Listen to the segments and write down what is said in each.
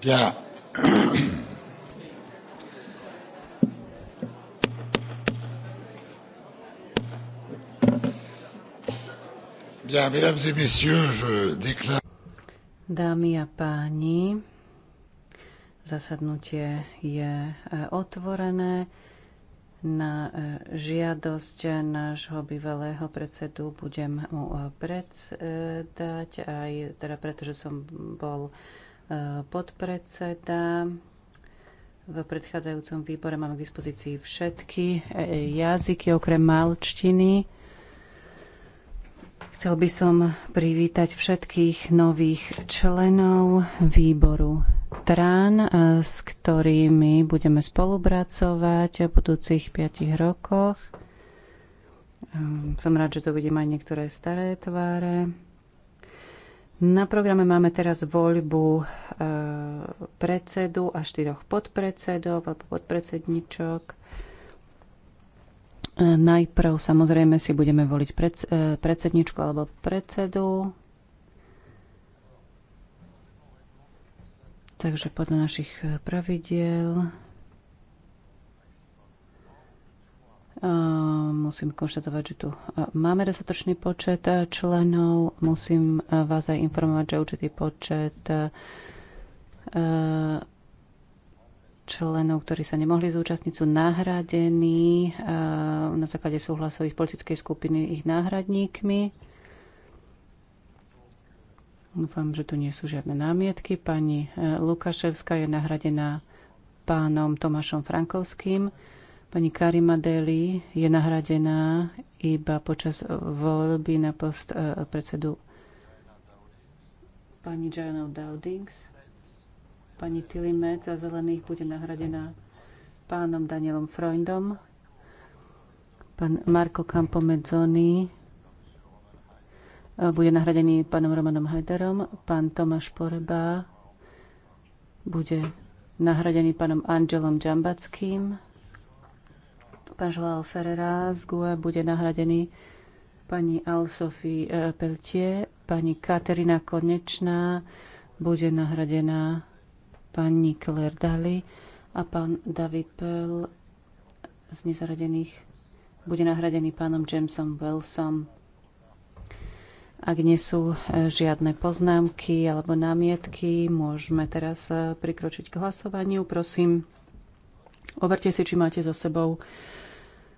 Ya. Ya, mesdames et messieurs, je déclare. Dámy a páni, zasadnutie je e, otvorené. Na e, žiadosť nášho bývalého predsedu budem mu e, predsedať, aj teda pretože som bol podpredseda. V predchádzajúcom výbore máme k dispozícii všetky e, e, jazyky okrem malčtiny. Chcel by som privítať všetkých nových členov výboru TRAN, e, s ktorými budeme spolupracovať v budúcich 5 rokoch. Ehm, som rád, že tu vidím aj niektoré staré tváre. Na programe máme teraz voľbu e, predsedu a štyroch podpredsedov alebo podpredsedničok. E, najprv samozrejme si budeme voliť e, predsedničku alebo predsedu. Takže podľa našich pravidiel musím konštatovať, že tu máme dostatočný počet členov. Musím vás aj informovať, že určitý počet členov, ktorí sa nemohli zúčastniť, sú nahradení na základe súhlasových politickej skupiny ich náhradníkmi. Dúfam, že tu nie sú žiadne námietky. Pani e, Lukaševská je nahradená pánom Tomášom Frankovským. Pani Karima Deli je nahradená iba počas voľby na post e, predsedu pani Jano Dowdings. Pani Tilimec za zelených bude nahradená pánom Danielom Freundom. Pán Marko Campomedzoni e, bude nahradený pánom Romanom Hajderom. Pán Tomáš Poreba bude nahradený pánom Angelom Džambackým. Pán Joao Ferreira z GUE bude nahradený pani Alsofie eh, Peltier, pani Katerina Konečná bude nahradená pani Claire Daly a pán David Pell z nezaradených bude nahradený pánom Jamesom Wellsom. Ak nie sú eh, žiadne poznámky alebo námietky, môžeme teraz eh, prikročiť k hlasovaniu. Prosím, Overte si, či máte so sebou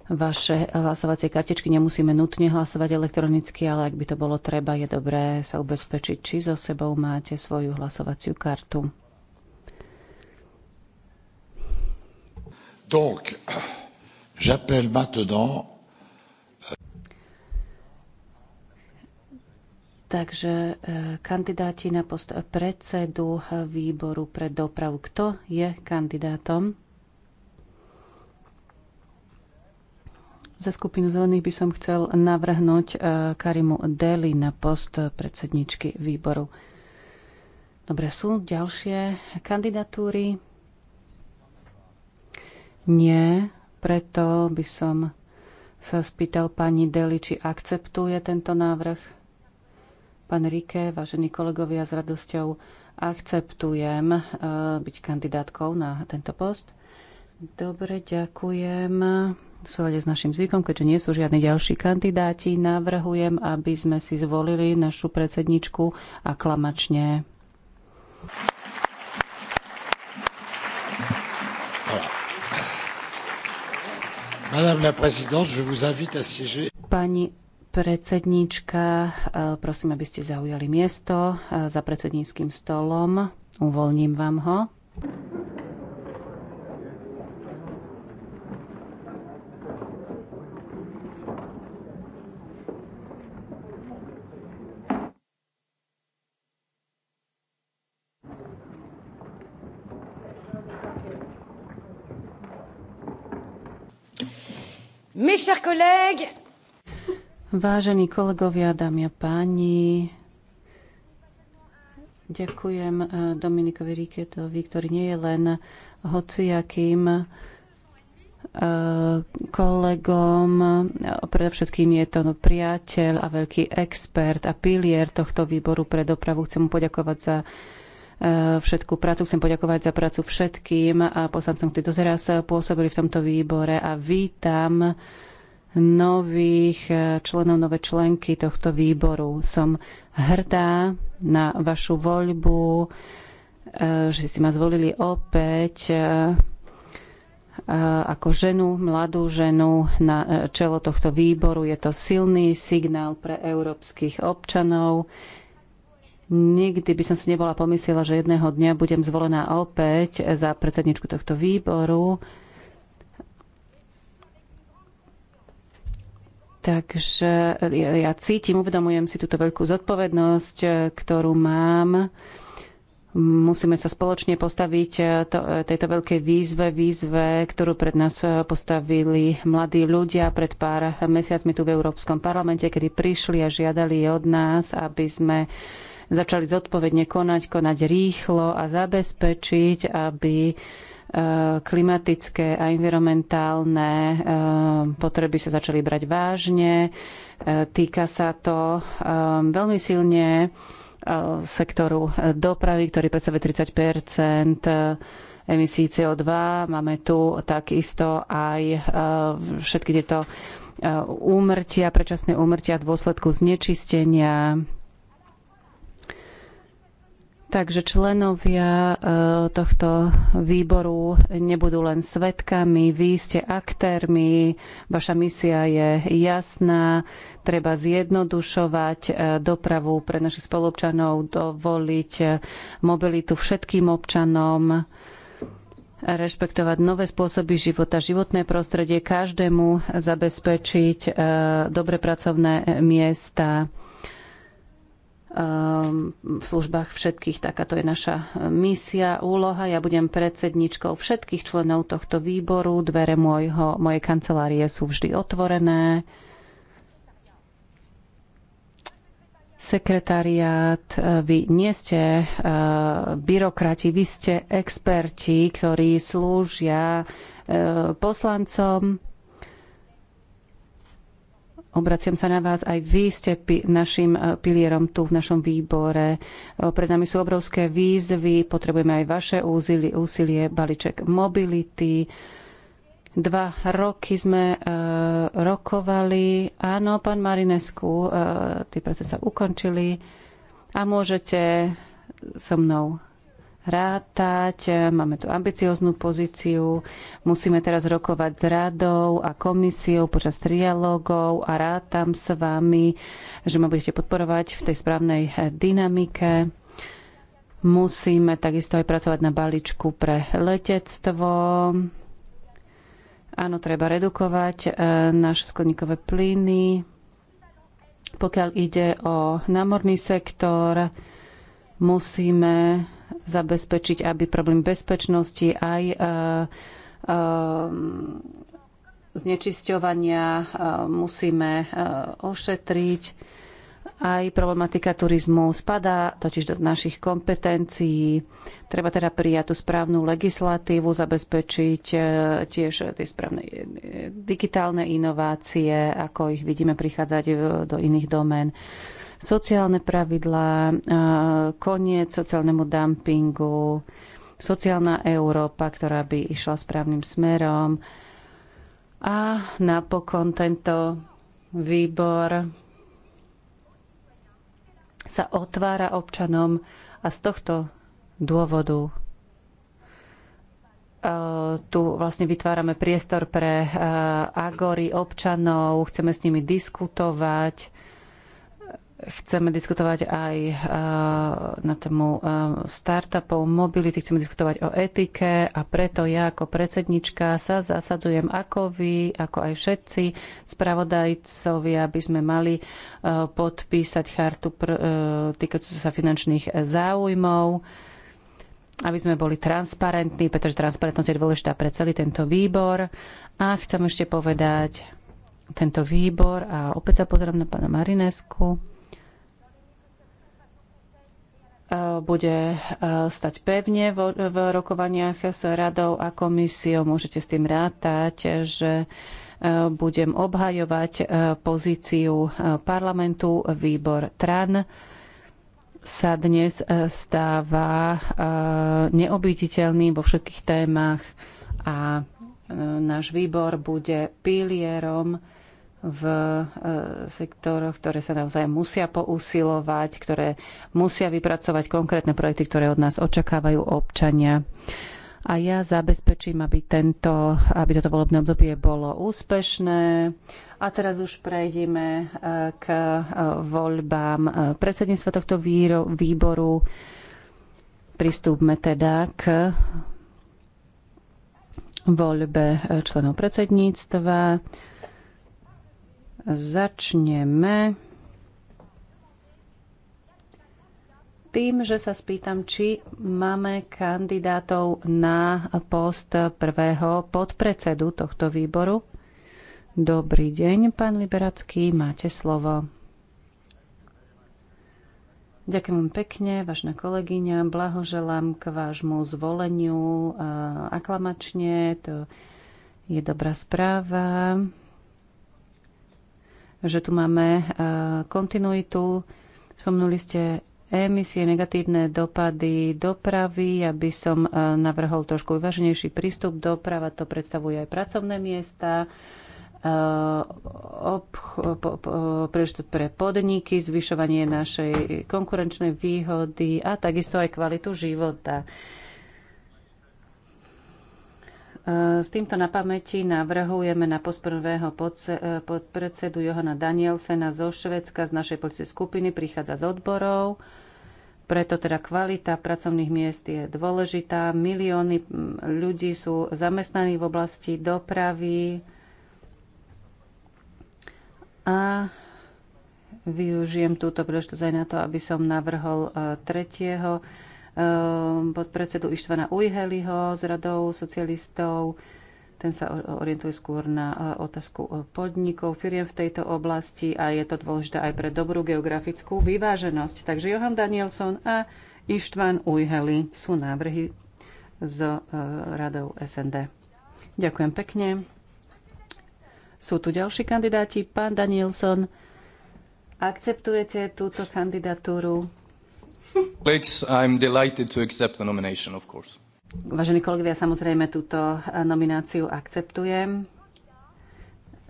vaše hlasovacie kartičky. Nemusíme nutne hlasovať elektronicky, ale ak by to bolo treba, je dobré sa ubezpečiť, či so sebou máte svoju hlasovaciu kartu. Donc, j'appelle maintenant Takže e, kandidáti na post predsedu e, výboru pre dopravu. Kto je kandidátom? Za skupinu zelených by som chcel navrhnúť e, Karimu Deli na post predsedničky výboru. Dobre, sú ďalšie kandidatúry? Nie, preto by som sa spýtal pani Deli, či akceptuje tento návrh. Pán Rike, vážení kolegovia, s radosťou akceptujem e, byť kandidátkou na tento post. Dobre, ďakujem v súlade s našim zvykom, keďže nie sú žiadni ďalší kandidáti, navrhujem, aby sme si zvolili našu predsedničku klamačne. Pani predsedníčka, eh, prosím, aby ste zaujali miesto eh, za predsedníckým stolom. Uvoľním vám ho. chers collègues. Vážení kolegovia, dámy a páni, ďakujem eh, Dominikovi Riketovi, ktorý nie je len hociakým eh, kolegom, predovšetkým je to priateľ a veľký expert a pilier tohto výboru pre dopravu. Chcem mu poďakovať za eh, všetkú prácu. Chcem poďakovať za prácu všetkým a poslancom, ktorí doteraz pôsobili v tomto výbore a vítam nových eh, členov, nové členky tohto výboru. Som hrdá na vašu voľbu, eh, že si ma zvolili opäť eh, ako ženu, mladú ženu na čelo tohto výboru. Je to silný signál pre európskych občanov. Nikdy by som si nebola pomyslela, že jedného dňa budem zvolená opäť za predsedničku tohto výboru Takže ja cítim, uvedomujem si túto veľkú zodpovednosť, e, ktorú mám. Musíme sa spoločne postaviť e, to, e, tejto veľkej výzve, výzve, ktorú pred nás postavili mladí ľudia pred pár mesiacmi tu v Európskom parlamente, kedy prišli a žiadali od nás, aby sme začali zodpovedne konať, konať rýchlo a zabezpečiť, aby Eh, klimatické a environmentálne eh, potreby sa začali brať vážne. Eh, týka sa to veľmi silne sektoru dopravy, ktorý predstavuje 30 emisí CO2. Máme tu takisto aj všetky tieto úmrtia, predčasné úmrtia v dôsledku znečistenia, Takže členovia e, tohto výboru nebudú len svetkami, vy ste aktérmi, vaša misia je jasná, treba zjednodušovať e, dopravu pre našich spolupčanov, dovoliť e, mobilitu všetkým občanom, rešpektovať nové spôsoby života, životné prostredie, každému zabezpečiť dobre pracovné miesta Ehm, v službách všetkých. Takáto je naša misia, úloha. Ja budem predsedničkou všetkých členov tohto výboru. Dvere môjho, mojej kancelárie sú vždy otvorené. Sekretariát, e, vy nie ste e, byrokrati, vy ste experti, ktorí slúžia e, poslancom Obraciam sa na vás, aj vy ste pi- našim e, pilierom tu v našom výbore. E, pred nami sú obrovské výzvy, potrebujeme aj vaše úsilie, úsilie balíček mobility. Dva roky sme e, rokovali. Áno, pán Marinesku, e, tie procesy sa ukončili a môžete so mnou rátať, máme tu ambicioznú pozíciu, musíme teraz rokovať s radou a komisiou počas trialógov a rátam s vami, že ma budete podporovať v tej správnej eh, dynamike. Musíme takisto aj pracovať na balíčku pre letectvo. Áno, treba redukovať eh, naše skleníkové plyny. Pokiaľ ide o námorný sektor, musíme zabezpečiť, aby problém bezpečnosti aj e, e, znečisťovania e, musíme ošetriť. Aj problematika turizmu spadá totiž do našich kompetencií. Treba teda prijať tú správnu legislatívu, zabezpečiť tiež tie správne digitálne inovácie, ako ich vidíme prichádzať do iných domén sociálne pravidlá, koniec sociálnemu dumpingu, sociálna Európa, ktorá by išla správnym smerom a napokon tento výbor sa otvára občanom a z tohto dôvodu tu vlastne vytvárame priestor pre agory občanov, chceme s nimi diskutovať Chceme diskutovať aj eh, na tému eh, startupov, mobility, chceme diskutovať o etike a preto ja ako predsednička sa zasadzujem ako vy, ako aj všetci spravodajcovia, aby sme mali eh, podpísať chartu týkajúcu sa finančných záujmov aby sme boli transparentní, pretože transparentnosť je dôležitá pre celý tento výbor. A chcem ešte povedať, tento výbor, a opäť sa pozerám na pána Marinesku, E, bude e, stať pevne v rokovaniach s radou a komisiou. Môžete s tým rátať, že e, budem obhajovať pozíciu parlamentu. Výbor TRAN sa dnes stáva neobiditeľným vo všetkých témach a náš výbor bude pilierom v e, sektoroch, ktoré sa naozaj musia pousilovať, ktoré musia vypracovať konkrétne projekty, ktoré od nás očakávajú občania. A ja zabezpečím, aby, tento, aby toto volebné obdobie bolo úspešné. A teraz už prejdeme e, k e, voľbám predsedníctva tohto výboru. Pristúpme teda k voľbe členov predsedníctva. Začneme tým, že sa spýtam, či máme kandidátov na post prvého podpredsedu tohto výboru. Dobrý deň, pán Liberacký, máte slovo. Ďakujem vám pekne, vážna kolegyňa, blahoželám k vášmu zvoleniu aklamačne, to je dobrá správa že tu máme e, kontinuitu. Spomnuli ste emisie, negatívne dopady dopravy, aby som e, navrhol trošku vyváženejší prístup. Doprava to predstavuje aj pracovné miesta, e, obch- pre podniky, zvyšovanie našej konkurenčnej výhody a takisto aj kvalitu života. S týmto na pamäti navrhujeme na post prvého eh, podpredsedu Johana Danielsena zo Švedska z našej policie skupiny, prichádza z odborov. Preto teda kvalita pracovných miest je dôležitá. Milióny hm, ľudí sú zamestnaní v oblasti dopravy a využijem túto príležitosť aj na to, aby som navrhol eh, tretieho Ehm, podpredsedu Ištvana Ujheliho z radou socialistov. Ten sa orientuje skôr na e, otázku e, podnikov, firiem v tejto oblasti a je to dôležité aj pre dobrú geografickú vyváženosť. Takže Johan Danielson a Ištvan Ujheli sú návrhy e, s radou SND. Ďakujem pekne. Sú tu ďalší kandidáti. Pán Danielson, akceptujete túto kandidatúru? Vážení kolegovia, samozrejme túto eh, nomináciu akceptujem.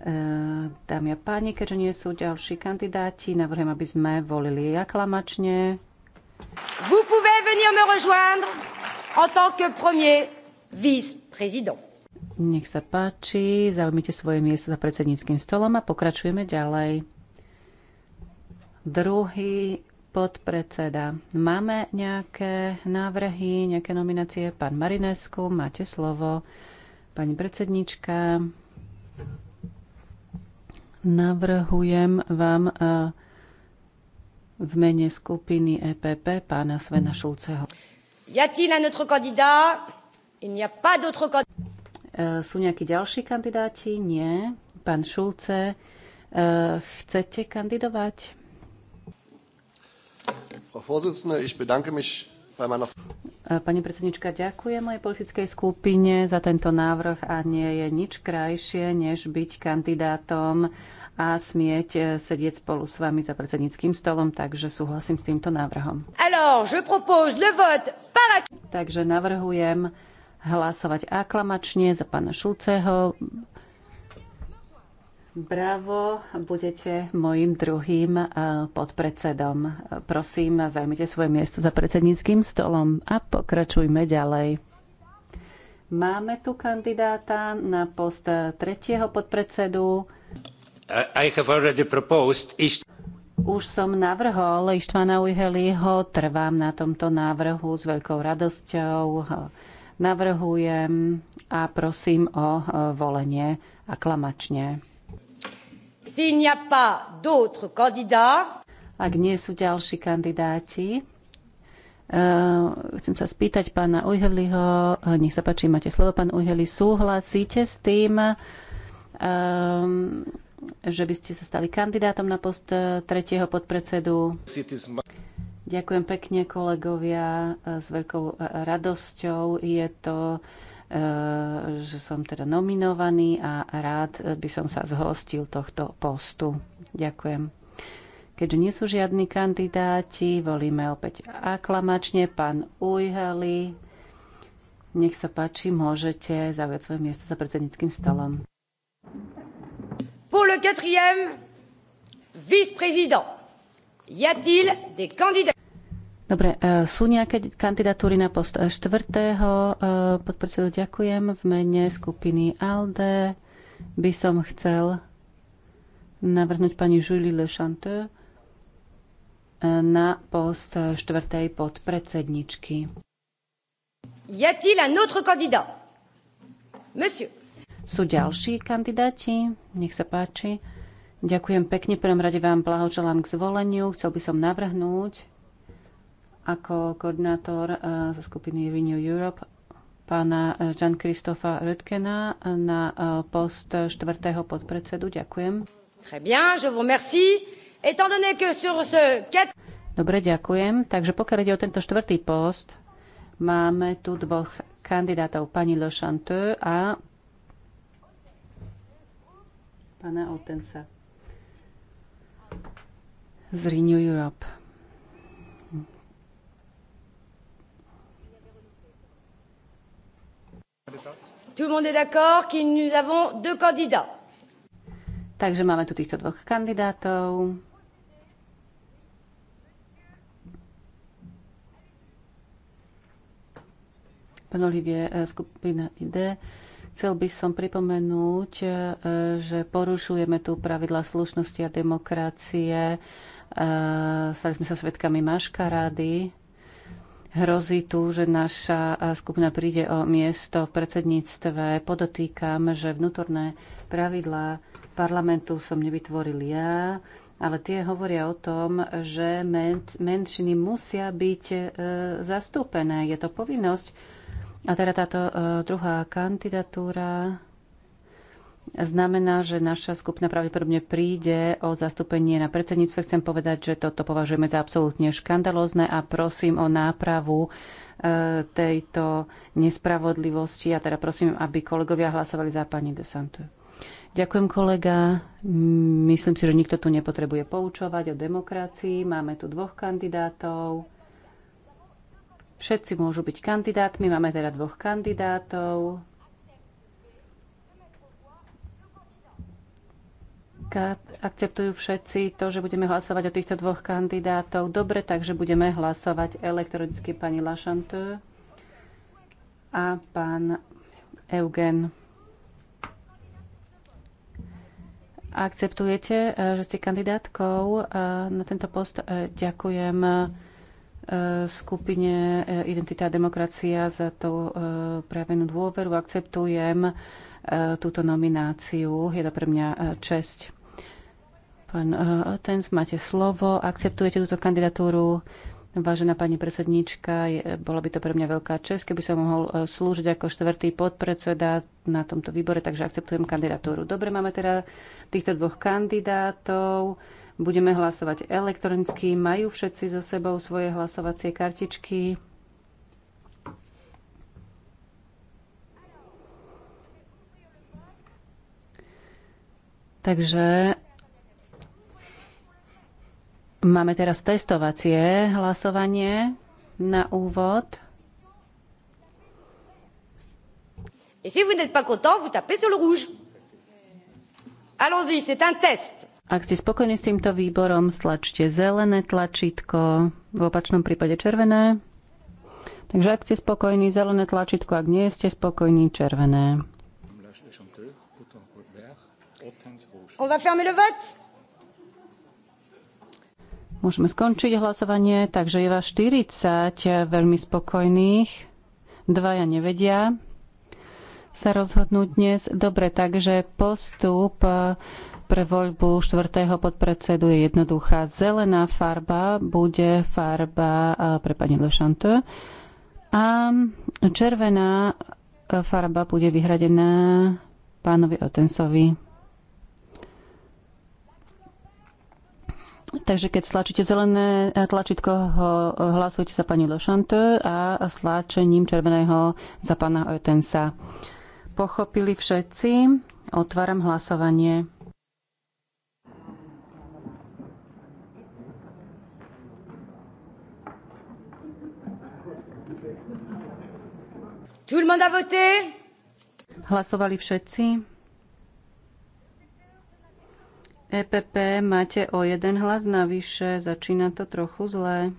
Eh, dámy a páni, keďže nie sú ďalší kandidáti, navrhujem, aby sme volili aklamačne. Vous pouvez venir me rejoindre en tant que premier vice-président. Nech sa páči, zaujmite svoje miesto za predsedníckým stolom a pokračujeme ďalej. Druhý podpredseda. Máme nejaké návrhy, nejaké nominácie? Pán Marinesku, máte slovo. Pani predsednička, navrhujem vám e, v mene skupiny EPP pána Svena Šulceho. E, sú nejakí ďalší kandidáti? Nie. Pán Šulce, e, chcete kandidovať? Pani predsednička, ďakujem mojej politickej skupine za tento návrh a nie je nič krajšie, než byť kandidátom a smieť e, sedieť spolu s vami za predsedníckým stolom, takže súhlasím s týmto návrhom. Alors, je le vote Takže navrhujem hlasovať aklamačne za pána Šulceho Bravo, budete mojim druhým eh, podpredsedom. Prosím, zajmite svoje miesto za predsedníckým stolom a pokračujme ďalej. Máme tu kandidáta na post tretieho podpredsedu. I have already proposed už som navrhol Ištvana Ujheliho, trvám na tomto návrhu s veľkou radosťou. Navrhujem a prosím o eh, volenie aklamačne. Ak nie sú ďalší kandidáti, Uh, chcem sa spýtať pána Ujheliho, eh, nech sa páči, máte slovo, pán Ujheli, súhlasíte s tým, um, že by ste sa stali kandidátom na post tretieho podpredsedu? Ďakujem pekne kolegovia, s veľkou radosťou je to Eh, že som teda nominovaný a rád by som sa zhostil tohto postu. Ďakujem. Keďže nie sú žiadni kandidáti, volíme opäť aklamačne pán Ujhali. Nech sa páči, môžete zaujať svoje miesto za predsedníckým stolom. Pour le quatrième vice-président, y a-t-il des candidats Dobre, e, sú nejaké kandidatúry na post e, štvrtého? E, podpredsedu ďakujem. V mene skupiny ALDE by som chcel navrhnúť pani Julie Le Chanteur na post štvrtej podpredsedničky. Y a-t-il un autre candidat? Monsieur. Sú ďalší kandidáti? Nech sa páči. Ďakujem pekne. Prvom rade vám blahoželám k zvoleniu. Chcel by som navrhnúť ako koordinátor eh, skupiny Renew Europe pána eh, Jean-Christopha Rutkena na eh, post štvrtého podpredsedu. Ďakujem. Très bien, je vous remercie. Étant donné que sur ce... Dobre, ďakujem. Takže pokiaľ ide o tento štvrtý post, máme tu dvoch kandidátov, pani Le Chanteux a pána Otensa z Renew Europe. Tout le monde est d'accord que nous avons deux candidats. Takže máme tu týchto dvoch kandidátov. Pán Olivier, eh, skupina ID. Chcel by som pripomenúť, eh, že porušujeme tu pravidla slušnosti a demokracie. Eh, stali sme sa svetkami maškarády Hrozí tu, že naša skupina príde o miesto v predsedníctve. Podotýkam, že vnútorné pravidlá parlamentu som nevytvoril ja, ale tie hovoria o tom, že menšiny musia byť e, zastúpené. Je to povinnosť. A teda táto e, druhá kandidatúra znamená, že naša skupina pravdepodobne príde o zastúpenie na predsedníctve. Chcem povedať, že toto považujeme za absolútne škandalózne a prosím o nápravu e, tejto nespravodlivosti a teda prosím, aby kolegovia hlasovali za pani De Santu. Ďakujem kolega. Myslím si, že nikto tu nepotrebuje poučovať o demokracii. Máme tu dvoch kandidátov. Všetci môžu byť kandidátmi. Máme teda dvoch kandidátov akceptujú všetci to, že budeme hlasovať o týchto dvoch kandidátov. Dobre, takže budeme hlasovať elektronicky pani Lašantö a pán Eugen. Akceptujete, eh, že ste kandidátkou eh, na tento post? Eh, ďakujem skupine Identita a demokracia za tú prejavenú dôveru. Akceptujem Eh, túto nomináciu. Je to pre mňa eh, česť. Pán Otens, eh, máte slovo. Akceptujete túto kandidatúru? Vážená pani predsedníčka, bola by to pre mňa veľká čest, keby som mohol slúžiť ako štvrtý podpredseda na tomto výbore, takže akceptujem kandidatúru. Dobre, máme teda týchto dvoch kandidátov. Budeme hlasovať elektronicky. Majú všetci so sebou svoje hlasovacie kartičky? Takže máme teraz testovacie hlasovanie na úvod. Ak ste spokojní s týmto výborom, stlačte zelené tlačítko, v opačnom prípade červené. Takže ak ste spokojní, zelené tlačítko, ak nie ste spokojní, červené. On va fermer le vote. Môžeme skončiť hlasovanie, takže je vás 40 veľmi spokojných. Dvaja nevedia sa rozhodnúť dnes. Dobre, takže postup pre voľbu štvrtého podpredsedu je jednoduchá. Zelená farba bude farba e, pre pani Lešante a červená farba bude vyhradená pánovi Otensovi. Takže keď stlačíte zelené e, tlačítko, e, hlasujte za pani Lošante a stlačením červeného za pána Oetensa. Pochopili všetci? Otváram hlasovanie. Tout le monde a voté? Hlasovali všetci? EPP máte o jeden hlas navyše, začína to trochu zlé.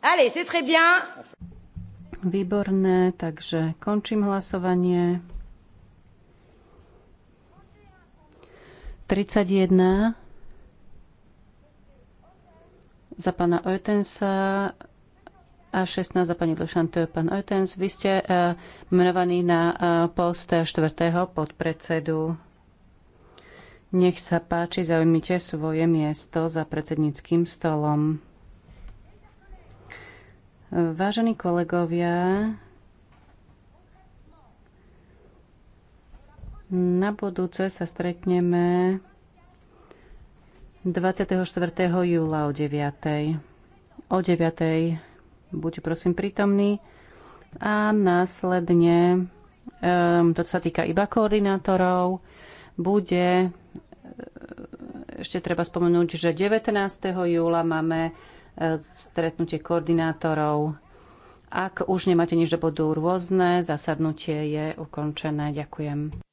Allez, c'est très bien. Výborné, takže končím hlasovanie. 31 za pána Oetensa a 16 za pani Lešantő. Pán Oetens, vy ste eh, menovaní na eh, post 4. podpredsedu. Nech sa páči, zaujmite svoje miesto za predsedníckým stolom. Vážení kolegovia, na budúce sa stretneme 24. júla o 9. O 9. buď prosím prítomný a následne, ehm, to sa týka iba koordinátorov, bude e, ešte treba spomenúť, že 19. júla máme e, stretnutie koordinátorov. Ak už nemáte nič do bodu rôzne, zasadnutie je ukončené. Ďakujem.